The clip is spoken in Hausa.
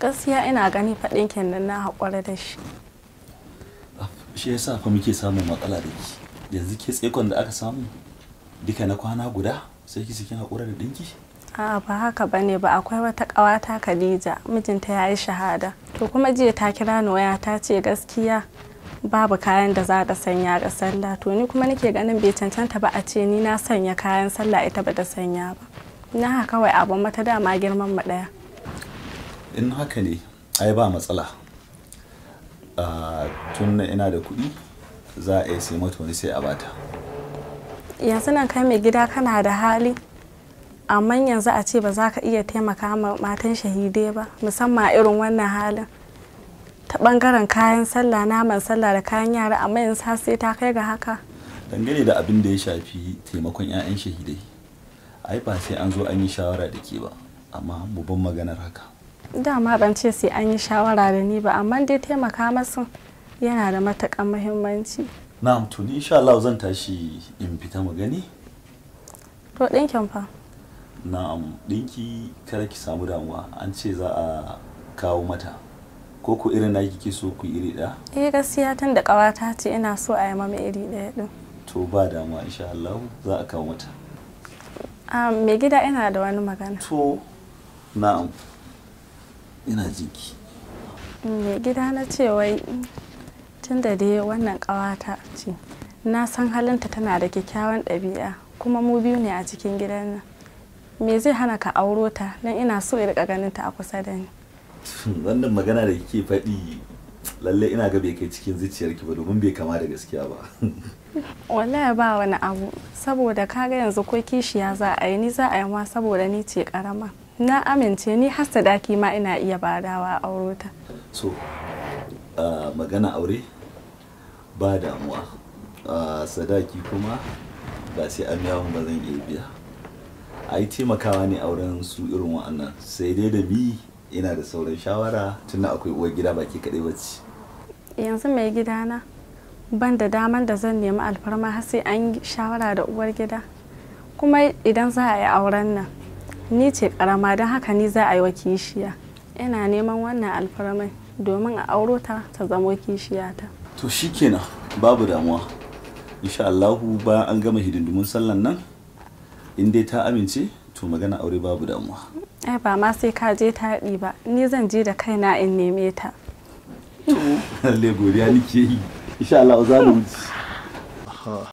gaskiya ina gani faɗin kenan na haƙura da shi shi yasa fa muke samun matsala da ki yanzu ke tsekon da aka samu duka na kwana guda sai ki cikin haƙura da ɗinki a ba haka ba ne ba akwai wata ƙawata khadija mijinta ya yi shahada to kuma jiya ta kira ni waya ta ce gaskiya babu kayan da za ta sanya ga sallah to ni kuma nake ganin bai cancanta ba a ce ni na sanya kayan sallah ita ba ta sanya ba na haka kawai abun mata dama girman mu ɗaya in haka ne ai ba matsala tun ina da kuɗi za a iya sai mata wani sai a bata yanzu nan kai mai gida kana da hali amma yanzu a ce ba za ka iya taimaka ma matan shahidai ba musamman irin wannan halin ta bangaren kayan sallah naman sallah da kayan yara amma yanzu har sai ta kai ga haka dangane da abin da ya shafi taimakon 'ya'yan shahidai ai ba sai an zo an yi shawara da ke ba amma babban maganar haka dama ban ce sai an yi shawara da ni ba amma dai taimaka masu yana da matakan muhimmanci na'am to ni insha Allah zan tashi in fita mu gani to ɗinkin fa na'am ɗinki kada ki samu damuwa an ce za a kawo mata ko ku irin na kike so ku iri ɗaya eh gaskiya tun da ƙawata ce ina so a yi mama iri ɗaya ɗin to ba damuwa insha Allah za a kawo mata um, mai gida ina da wani magana to na'am ina jinki mai gida na ce wai tun da dai wannan ƙawata ce na san halinta tana da kyakkyawan ɗabi'a kuma mu biyu ne a cikin gidan nan me zai hana ka auro ta don ina so in rika ganin ta a kusa da ni wannan magana da kike faɗi lalle ina ga bai kai cikin zuciyarki ba domin bai kama da gaskiya ba wallahi ba wani abu saboda kaga yanzu ko kishiya za a yi ni za a yi ma saboda ni ce karama na amince ni har sadaki ma ina iya badawa aure ta so magana aure ba damuwa sadaki kuma ba sai an yawon ba zan iya biya a yi taimakawa ne auren su irin wa'annan sai dai da bi ina da sauran shawara tun akwai uwar gida baki kaɗai bacci yanzu mai gidana ban da daman da zan nemi alfarma har sai an shawara da uwar gida kuma idan za a yi auren nan ni ce karama don haka ni za a yi wa kishiya ina neman wannan alfarmai domin a auro ta ta zamo kishiyata to shikenan babu damuwa insha Allahu bayan an gama hidindimun sallan nan in dai ta amince to magana aure babu damuwa ai ba ma sai ka je ta ba ni zan je da kaina in neme ta to lalle godiya nake yi insha Allah za mu